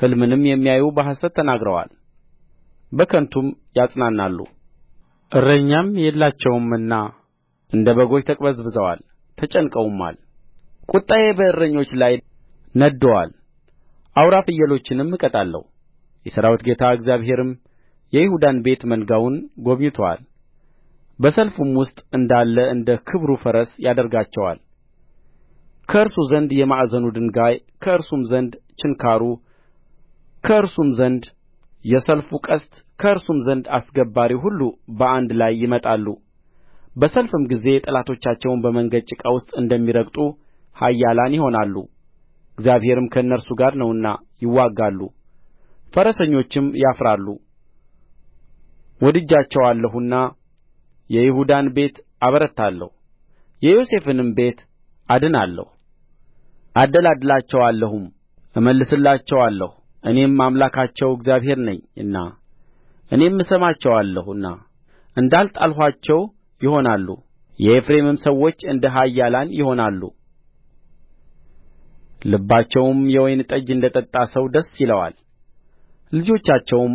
Speaker 1: ሕልምንም የሚያዩ በሐሰት ተናግረዋል በከንቱም ያጽናናሉ እረኛም የላቸውምና እንደ በጎች ተቅበዝብዘዋል ተጨንቀውማል ቍጣዬ በእረኞች ላይ ነድዶአል አውራ ፍየሎችንም እቀጣለሁ የሠራዊት ጌታ እግዚአብሔርም የይሁዳን ቤት መንጋውን ጐብኝቶአል በሰልፍም ውስጥ እንዳለ እንደ ክብሩ ፈረስ ያደርጋቸዋል ከእርሱ ዘንድ የማዕዘኑ ድንጋይ ከእርሱም ዘንድ ችንካሩ ከእርሱም ዘንድ የሰልፉ ቀስት ከእርሱም ዘንድ አስገባሪው ሁሉ በአንድ ላይ ይመጣሉ በሰልፍም ጊዜ ጠላቶቻቸውን በመንገድ ጭቃ ውስጥ እንደሚረግጡ ኃያላን ይሆናሉ እግዚአብሔርም ከእነርሱ ጋር ነውና ይዋጋሉ ፈረሰኞችም ያፍራሉ ወድጃቸዋለሁና የይሁዳን ቤት አበረታለሁ የዮሴፍንም ቤት አድናለሁ አደላድላቸዋለሁም እመልስላቸዋለሁ እኔም አምላካቸው እግዚአብሔር ነኝና እኔም እሰማቸዋለሁና እንዳልጣልኋቸው ይሆናሉ የኤፍሬምም ሰዎች እንደ ኃያላን ይሆናሉ ልባቸውም የወይን ጠጅ እንደ ጠጣ ሰው ደስ ይለዋል ልጆቻቸውም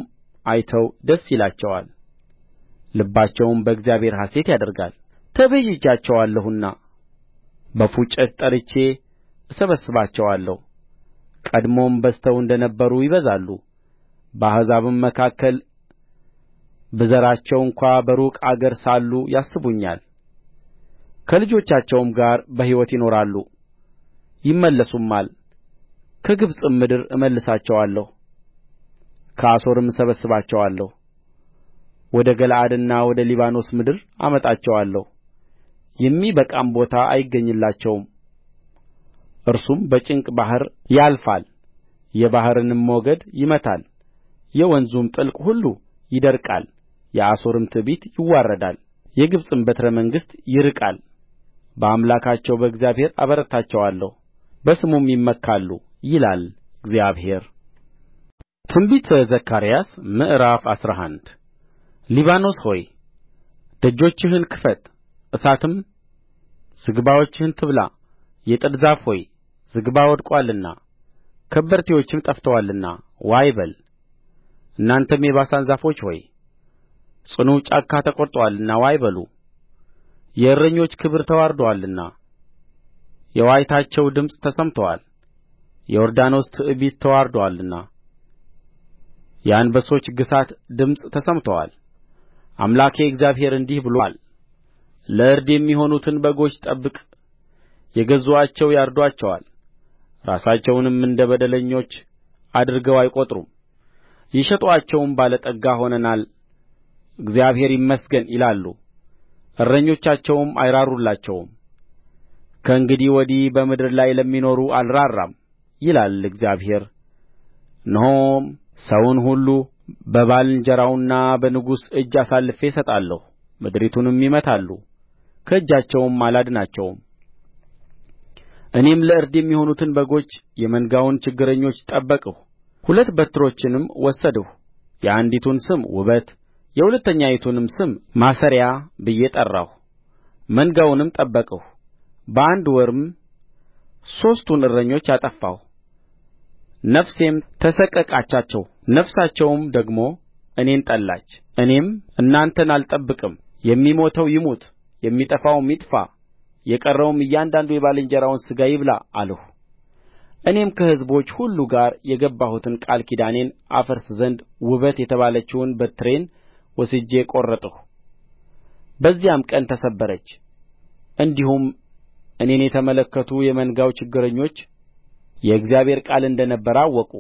Speaker 1: አይተው ደስ ይላቸዋል ልባቸውም በእግዚአብሔር ሐሤት ያደርጋል ተቤዥቻቸዋለሁና በፉጨት ጠርቼ እሰበስባቸዋለሁ ቀድሞም በዝተው እንደ ነበሩ ይበዛሉ በአሕዛብም መካከል ብዘራቸው እንኳ በሩቅ አገር ሳሉ ያስቡኛል ከልጆቻቸውም ጋር በሕይወት ይኖራሉ ይመለሱማል ከግብጽም ምድር እመልሳቸዋለሁ ከአሦርም እሰበስባቸዋለሁ ወደ ገለዓድና ወደ ሊባኖስ ምድር አመጣቸዋለሁ የሚበቃም ቦታ አይገኝላቸውም እርሱም በጭንቅ ባሕር ያልፋል የባሕርንም ሞገድ ይመታል የወንዙም ጥልቅ ሁሉ ይደርቃል የአሦርም ትዕቢት ይዋረዳል የግብጽም በትረ መንግሥት ይርቃል በአምላካቸው በእግዚአብሔር አበረታቸዋለሁ በስሙም ይመካሉ ይላል እግዚአብሔር ትንቢተ ዘካርያስ ምዕራፍ አስራ አንድ ሊባኖስ ሆይ ደጆችህን ክፈት እሳትም ዝግባዎችህን ትብላ የጥድ ዛፍ ሆይ ዝግባ ወድቆአልና ከበርቴዎችም ጠፍተዋልና ዋይ በል እናንተም የባሳን ዛፎች ሆይ ጽኑ ጫካ ተቈርጦአልና ዋይ በሉ የእረኞች ክብር ተዋርዶአልና የዋይታቸው ድምፅ ተሰምቶአል የዮርዳኖስ ትዕቢት ተዋርዶአልና የአንበሶች ግሣት ድምፅ ተሰምቶአል አምላኬ እግዚአብሔር እንዲህ ብሎአል ለእርድ የሚሆኑትን በጎች ጠብቅ የገዙአቸው ያርዱአቸዋል ራሳቸውንም እንደ በደለኞች አድርገው አይቈጥሩም የሸጡአቸውም ባለ ጠጋ ሆነናል እግዚአብሔር ይመስገን ይላሉ እረኞቻቸውም አይራሩላቸውም ከእንግዲህ ወዲህ በምድር ላይ ለሚኖሩ አልራራም ይላል እግዚአብሔር እነሆም ሰውን ሁሉ በባልንጀራውና በንጉሥ እጅ አሳልፌ እሰጣለሁ ምድሪቱንም ይመታሉ ከእጃቸውም አላድናቸውም እኔም ለእርድ የሚሆኑትን በጎች የመንጋውን ችግረኞች ጠበቅሁ ሁለት በትሮችንም ወሰድሁ የአንዲቱን ስም ውበት የሁለተኛይቱንም ስም ማሰሪያ ብዬ ጠራሁ መንጋውንም ጠበቅሁ በአንድ ወርም ሦስቱን እረኞች አጠፋሁ ነፍሴም ተሰቀቃቻቸው ነፍሳቸውም ደግሞ እኔን ጠላች እኔም እናንተን አልጠብቅም የሚሞተው ይሙት የሚጠፋውም ይጥፋ የቀረውም እያንዳንዱ የባልንጀራውን ሥጋ ይብላ አልሁ እኔም ከሕዝቦች ሁሉ ጋር የገባሁትን ቃል ኪዳኔን አፈርስ ዘንድ ውበት የተባለችውን በትሬን ወስጄ ቈረጥሁ በዚያም ቀን ተሰበረች እንዲሁም እኔን የተመለከቱ የመንጋው ችግረኞች የእግዚአብሔር ቃል እንደ ነበረ አወቁ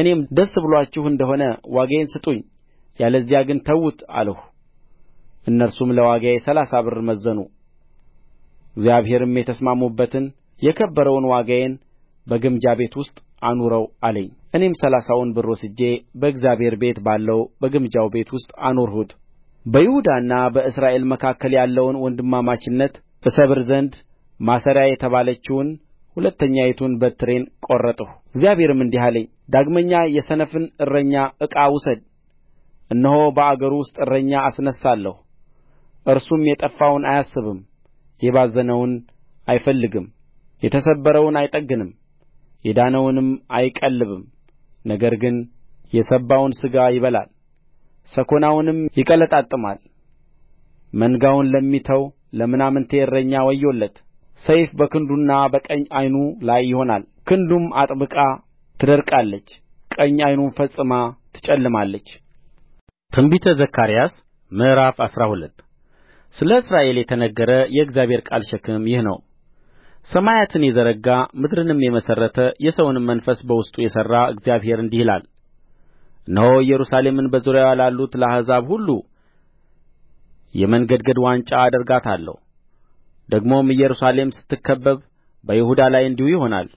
Speaker 1: እኔም ደስ ብሎአችሁ እንደ ሆነ ዋጋዬን ስጡኝ ያለዚያ ግን ተዉት አልሁ እነርሱም ለዋጋዬ ሠላሳ ብር መዘኑ እግዚአብሔርም የተስማሙበትን የከበረውን ዋጋዬን በግምጃ ቤት ውስጥ አኑረው አለኝ እኔም ሠላሳውን ብር ወስጄ በእግዚአብሔር ቤት ባለው በግምጃው ቤት ውስጥ አኖርሁት በይሁዳና በእስራኤል መካከል ያለውን ወንድማማችነት እሰብር ዘንድ ማሰሪያ የተባለችውን ሁለተኛይቱን በትሬን ቈረጥሁ እግዚአብሔርም እንዲህ አለኝ ዳግመኛ የሰነፍን እረኛ ዕቃ ውሰድ እነሆ በአገሩ ውስጥ እረኛ አስነሣለሁ እርሱም የጠፋውን አያስብም የባዘነውን አይፈልግም የተሰበረውን አይጠግንም የዳነውንም አይቀልብም ነገር ግን የሰባውን ሥጋ ይበላል ሰኰናውንም ይቀለጣጥማል መንጋውን ለሚተው ለምናምንቴ እረኛ ወዮለት ሰይፍ በክንዱና በቀኝ ዓይኑ ላይ ይሆናል ክንዱም አጥብቃ ትደርቃለች ቀኝ ዓይኑም ፈጽማ ትጨልማለች ትንቢተ ዘካርያስ ምዕራፍ አስራ ሁለት ስለ እስራኤል የተነገረ የእግዚአብሔር ቃል ሸክም ይህ ነው ሰማያትን የዘረጋ ምድርንም የመሠረተ የሰውንም መንፈስ በውስጡ የሠራ እግዚአብሔር እንዲህ ይላል እነሆ ኢየሩሳሌምን በዙሪያዋ ላሉት ለአሕዛብ ሁሉ የመንገድገድ ዋንጫ አደርጋታለሁ ደግሞም ኢየሩሳሌም ስትከበብ በይሁዳ ላይ እንዲሁ ይሆናል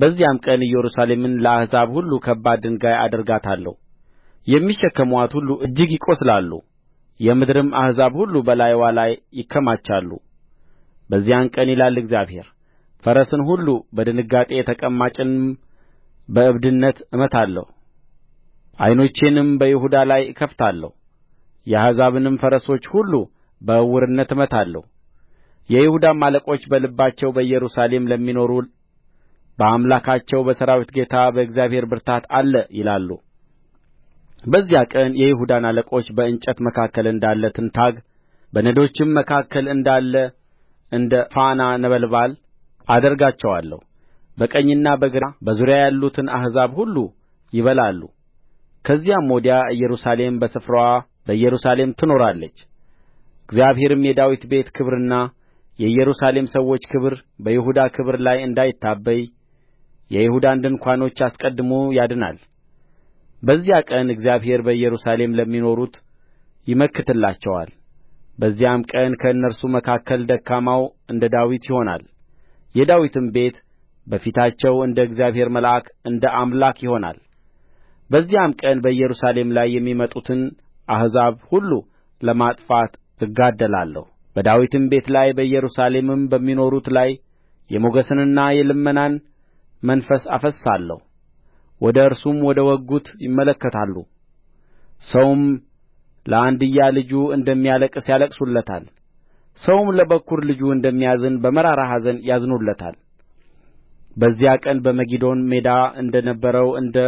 Speaker 1: በዚያም ቀን ኢየሩሳሌምን ለአሕዛብ ሁሉ ከባድ ድንጋይ አደርጋታለሁ የሚሸከሙአት ሁሉ እጅግ ይቈስላሉ የምድርም አሕዛብ ሁሉ በላይዋ ላይ ይከማቻሉ በዚያን ቀን ይላል እግዚአብሔር ፈረስን ሁሉ በድንጋጤ ተቀማጭንም በእብድነት እመታለሁ ዓይኖቼንም በይሁዳ ላይ እከፍታለሁ የአሕዛብንም ፈረሶች ሁሉ በዕውርነት እመታለሁ የይሁዳም አለቆች በልባቸው በኢየሩሳሌም ለሚኖሩ በአምላካቸው በሠራዊት ጌታ በእግዚአብሔር ብርታት አለ ይላሉ በዚያ ቀን የይሁዳን አለቆች በእንጨት መካከል እንዳለ ትንታግ በነዶችም መካከል እንዳለ እንደ ፋና ነበልባል አደርጋቸዋለሁ በቀኝና በግራ በዙሪያ ያሉትን አሕዛብ ሁሉ ይበላሉ ከዚያም ወዲያ ኢየሩሳሌም በስፍራዋ በኢየሩሳሌም ትኖራለች እግዚአብሔርም የዳዊት ቤት ክብርና የኢየሩሳሌም ሰዎች ክብር በይሁዳ ክብር ላይ እንዳይታበይ የይሁዳን ድንኳኖች አስቀድሞ ያድናል በዚያ ቀን እግዚአብሔር በኢየሩሳሌም ለሚኖሩት ይመክትላቸዋል በዚያም ቀን ከእነርሱ መካከል ደካማው እንደ ዳዊት ይሆናል የዳዊትም ቤት በፊታቸው እንደ እግዚአብሔር መልአክ እንደ አምላክ ይሆናል በዚያም ቀን በኢየሩሳሌም ላይ የሚመጡትን አሕዛብ ሁሉ ለማጥፋት እጋደላለሁ በዳዊትም ቤት ላይ በኢየሩሳሌምም በሚኖሩት ላይ የሞገስንና የልመናን መንፈስ አፈስሳለሁ ወደ እርሱም ወደ ወጉት ይመለከታሉ ሰውም ለአንድያ ልጁ እንደሚያለቅስ ያለቅሱለታል ሰውም ለበኵር ልጁ እንደሚያዝን በመራራ ኀዘን ያዝኑለታል በዚያ ቀን በመጊዶን ሜዳ እንደ ነበረው እንደ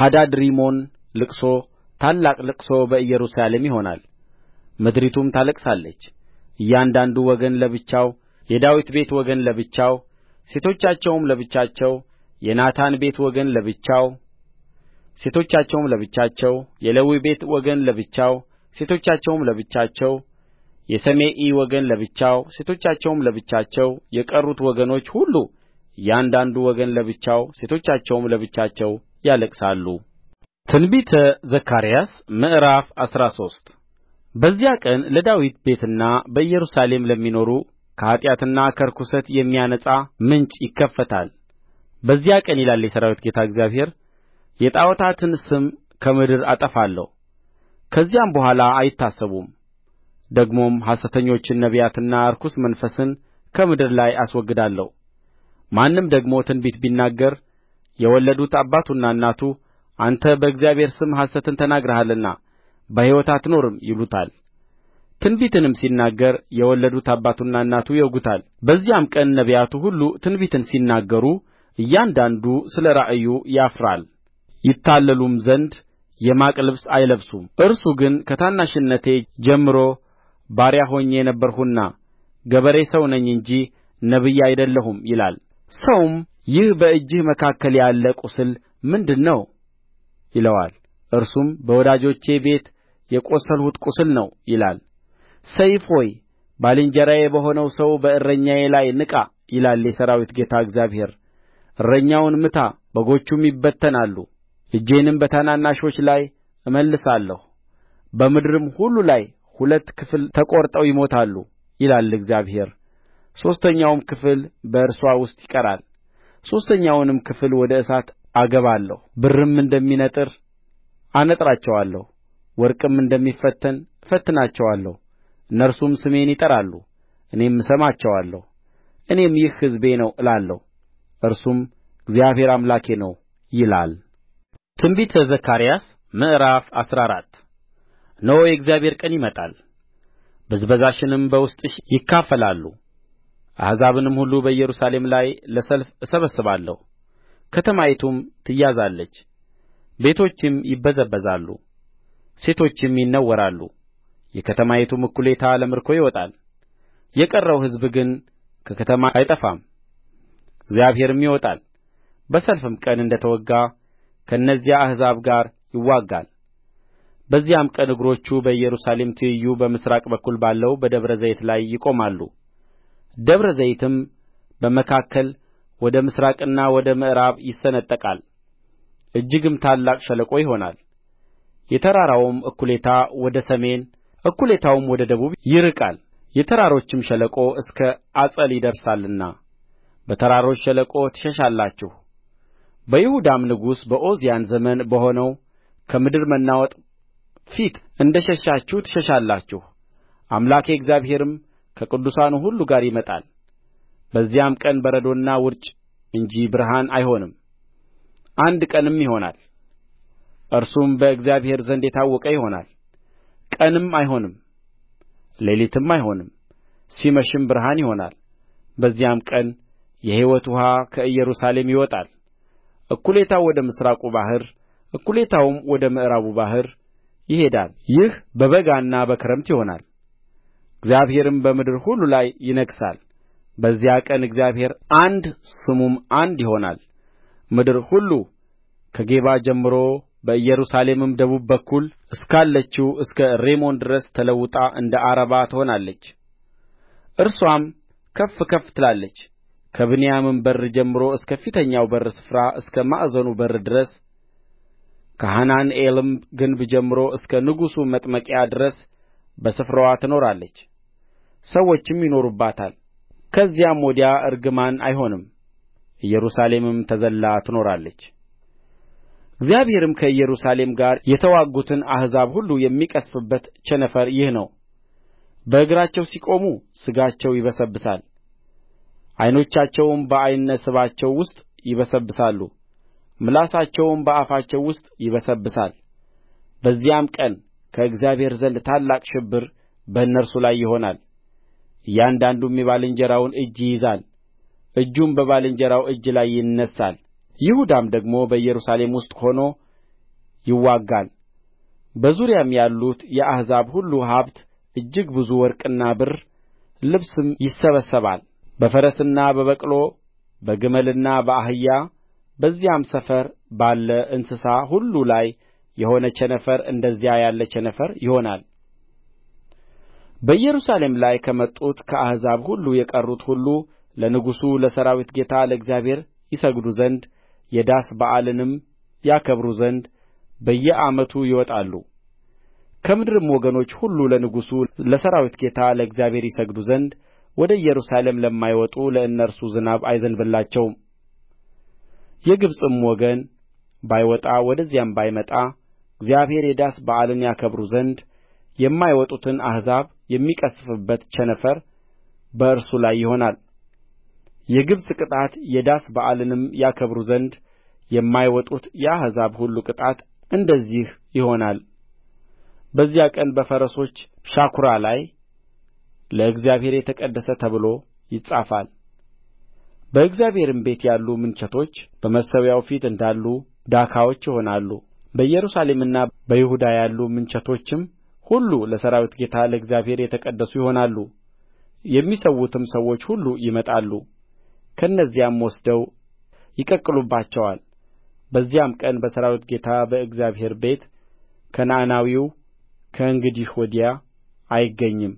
Speaker 1: ሐዳድሪሞን ልቅሶ ታላቅ ልቅሶ በኢየሩሳሌም ይሆናል ምድሪቱም ታለቅሳለች እያንዳንዱ ወገን ለብቻው የዳዊት ቤት ወገን ለብቻው ሴቶቻቸውም ለብቻቸው የናታን ቤት ወገን ለብቻው ሴቶቻቸውም ለብቻቸው የሌዊ ቤት ወገን ለብቻው ሴቶቻቸውም ለብቻቸው የሰሜኢ ወገን ለብቻው ሴቶቻቸውም ለብቻቸው የቀሩት ወገኖች ሁሉ እያንዳንዱ ወገን ለብቻው ሴቶቻቸውም ለብቻቸው ያለቅሳሉ ትንቢተ ዘካርያስ ምዕራፍ አስራ ሶስት በዚያ ቀን ለዳዊት ቤትና በኢየሩሳሌም ለሚኖሩ ከኃጢአትና ከርኵሰት የሚያነጻ ምንጭ ይከፈታል በዚያ ቀን ይላል የሠራዊት ጌታ እግዚአብሔር የጣዖታትን ስም ከምድር አጠፋለሁ ከዚያም በኋላ አይታሰቡም ደግሞም ሐሰተኞችን ነቢያትና ርኩስ መንፈስን ከምድር ላይ አስወግዳለሁ ማንም ደግሞ ትንቢት ቢናገር የወለዱት አባቱና እናቱ አንተ በእግዚአብሔር ስም ሐሰትን ተናግረሃልና በሕይወት አትኖርም ይሉታል ትንቢትንም ሲናገር የወለዱት አባቱና እናቱ ይወጉታል በዚያም ቀን ነቢያቱ ሁሉ ትንቢትን ሲናገሩ እያንዳንዱ ስለ ራእዩ ያፍራል ይታለሉም ዘንድ የማቅ ልብስ አይለብሱም እርሱ ግን ከታናሽነቴ ጀምሮ ባሪያ ሆኜ ነበርሁና ገበሬ ሰው ነኝ እንጂ ነቢይ አይደለሁም ይላል ሰውም ይህ በእጅህ መካከል ያለ ቍስል ምንድር ነው ይለዋል እርሱም በወዳጆቼ ቤት የቈሰልሁት ቍስል ነው ይላል ሰይፍ ሆይ ባልንጀራዬ በሆነው ሰው በእረኛዬ ላይ ንቃ ይላል የሠራዊት ጌታ እግዚአብሔር እረኛውን ምታ በጎቹም ይበተናሉ እጄንም በታናናሾች ላይ እመልሳለሁ በምድርም ሁሉ ላይ ሁለት ክፍል ተቈርጠው ይሞታሉ ይላል እግዚአብሔር ሦስተኛውም ክፍል በእርስዋ ውስጥ ይቀራል ሦስተኛውንም ክፍል ወደ እሳት አገባለሁ ብርም እንደሚነጥር አነጥራቸዋለሁ ወርቅም እንደሚፈተን እፈትናቸዋለሁ እነርሱም ስሜን ይጠራሉ እኔም እሰማቸዋለሁ እኔም ይህ ሕዝቤ ነው እላለሁ እርሱም እግዚአብሔር አምላኬ ነው ይላል ትንቢተ ዘካርያስ ምዕራፍ አስራ አራት እነሆ የእግዚአብሔር ቀን ይመጣል ብዝበዛሽንም በውስጥሽ ይካፈላሉ አሕዛብንም ሁሉ በኢየሩሳሌም ላይ ለሰልፍ እሰበስባለሁ ከተማይቱም ትያዛለች ቤቶችም ይበዘበዛሉ ሴቶችም ይነወራሉ የከተማይቱም እኵሌታ ለምርኮ ይወጣል የቀረው ሕዝብ ግን ከከተማ አይጠፋም እግዚአብሔርም ይወጣል በሰልፍም ቀን እንደ ተወጋ ከእነዚያ አሕዛብ ጋር ይዋጋል በዚያም ቀን እግሮቹ በኢየሩሳሌም ትይዩ በምሥራቅ በኩል ባለው በደብረ ዘይት ላይ ይቆማሉ ደብረ ዘይትም በመካከል ወደ ምሥራቅና ወደ ምዕራብ ይሰነጠቃል እጅግም ታላቅ ሸለቆ ይሆናል የተራራውም እኩሌታ ወደ ሰሜን እኩሌታውም ወደ ደቡብ ይርቃል የተራሮችም ሸለቆ እስከ አጸል ይደርሳልና በተራሮች ሸለቆ ትሸሻላችሁ በይሁዳም ንጉሥ በዖዝያን ዘመን በሆነው ከምድር መናወጥ ፊት እንደ ሸሻችሁ ትሸሻላችሁ አምላኬ እግዚአብሔርም ከቅዱሳኑ ሁሉ ጋር ይመጣል በዚያም ቀን በረዶና ውርጭ እንጂ ብርሃን አይሆንም አንድ ቀንም ይሆናል እርሱም በእግዚአብሔር ዘንድ የታወቀ ይሆናል ቀንም አይሆንም ሌሊትም አይሆንም ሲመሽም ብርሃን ይሆናል በዚያም ቀን የሕይወት ውኃ ከኢየሩሳሌም ይወጣል እኵሌታው ወደ ምሥራቁ ባሕር እኵሌታውም ወደ ምዕራቡ ባሕር ይሄዳል ይህ በበጋና በክረምት ይሆናል እግዚአብሔርም በምድር ሁሉ ላይ ይነግሣል በዚያ ቀን እግዚአብሔር አንድ ስሙም አንድ ይሆናል ምድር ሁሉ ከጌባ ጀምሮ በኢየሩሳሌምም ደቡብ በኩል እስካለችው እስከ ሬሞን ድረስ ተለውጣ እንደ ዓረባ ትሆናለች እርሷም ከፍ ከፍ ትላለች ከብንያምም በር ጀምሮ እስከ ፊተኛው በር ስፍራ እስከ ማዕዘኑ በር ድረስ ከሐናንኤልም ግንብ ጀምሮ እስከ ንጉሡ መጥመቂያ ድረስ በስፍራዋ ትኖራለች ሰዎችም ይኖሩባታል ከዚያም ወዲያ እርግማን አይሆንም ኢየሩሳሌምም ተዘልላ ትኖራለች እግዚአብሔርም ከኢየሩሳሌም ጋር የተዋጉትን አሕዛብ ሁሉ የሚቀሥፍበት ቸነፈር ይህ ነው በእግራቸው ሲቆሙ ሥጋቸው ይበሰብሳል ዓይኖቻቸውም በዓይነ ስባቸው ውስጥ ይበሰብሳሉ ምላሳቸውም በአፋቸው ውስጥ ይበሰብሳል በዚያም ቀን ከእግዚአብሔር ዘንድ ታላቅ ሽብር በእነርሱ ላይ ይሆናል እያንዳንዱም የባልንጀራውን እጅ ይይዛል እጁም በባልንጀራው እጅ ላይ ይነሣል ይሁዳም ደግሞ በኢየሩሳሌም ውስጥ ሆኖ ይዋጋል በዙሪያም ያሉት የአሕዛብ ሁሉ ሀብት እጅግ ብዙ ወርቅና ብር ልብስም ይሰበሰባል በፈረስና በበቅሎ በግመልና በአህያ በዚያም ሰፈር ባለ እንስሳ ሁሉ ላይ የሆነ ቸነፈር እንደዚያ ያለ ቸነፈር ይሆናል በኢየሩሳሌም ላይ ከመጡት ከአሕዛብ ሁሉ የቀሩት ሁሉ ለንጉሡ ለሠራዊት ጌታ ለእግዚአብሔር ይሰግዱ ዘንድ የዳስ በዓልንም ያከብሩ ዘንድ በየዓመቱ ይወጣሉ። ከምድርም ወገኖች ሁሉ ለንጉሡ ለሠራዊት ጌታ ለእግዚአብሔር ይሰግዱ ዘንድ ወደ ኢየሩሳሌም ለማይወጡ ለእነርሱ ዝናብ አይዘንብላቸውም የግብጽም ወገን ባይወጣ ወደዚያም ባይመጣ እግዚአብሔር የዳስ በዓልን ያከብሩ ዘንድ የማይወጡትን አሕዛብ የሚቀሥፍበት ቸነፈር በእርሱ ላይ ይሆናል። የግብጽ ቅጣት የዳስ በዓልንም ያከብሩ ዘንድ የማይወጡት የአሕዛብ ሁሉ ቅጣት እንደዚህ ይሆናል። በዚያ ቀን በፈረሶች ሻኵራ ላይ ለእግዚአብሔር የተቀደሰ ተብሎ ይጻፋል በእግዚአብሔርም ቤት ያሉ ምንቸቶች በመሠዊያው ፊት እንዳሉ ዳካዎች ይሆናሉ በኢየሩሳሌምና በይሁዳ ያሉ ምንቸቶችም ሁሉ ለሠራዊት ጌታ ለእግዚአብሔር የተቀደሱ ይሆናሉ የሚሠዉትም ሰዎች ሁሉ ይመጣሉ ከእነዚያም ወስደው ይቀቅሉባቸዋል በዚያም ቀን በሠራዊት ጌታ በእግዚአብሔር ቤት ከነዓናዊው ከእንግዲህ ወዲያ አይገኝም